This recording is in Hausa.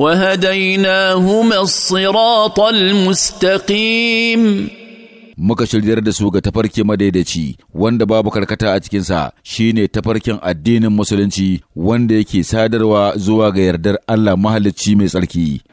وهديناهما الصراط المستقيم muka shiryar da su ga tafarki madaidaici wanda babu karkata a cikinsa shine tafarkin addinin musulunci wanda yake sadarwa zuwa ga yardar Allah mahalicci mai tsarki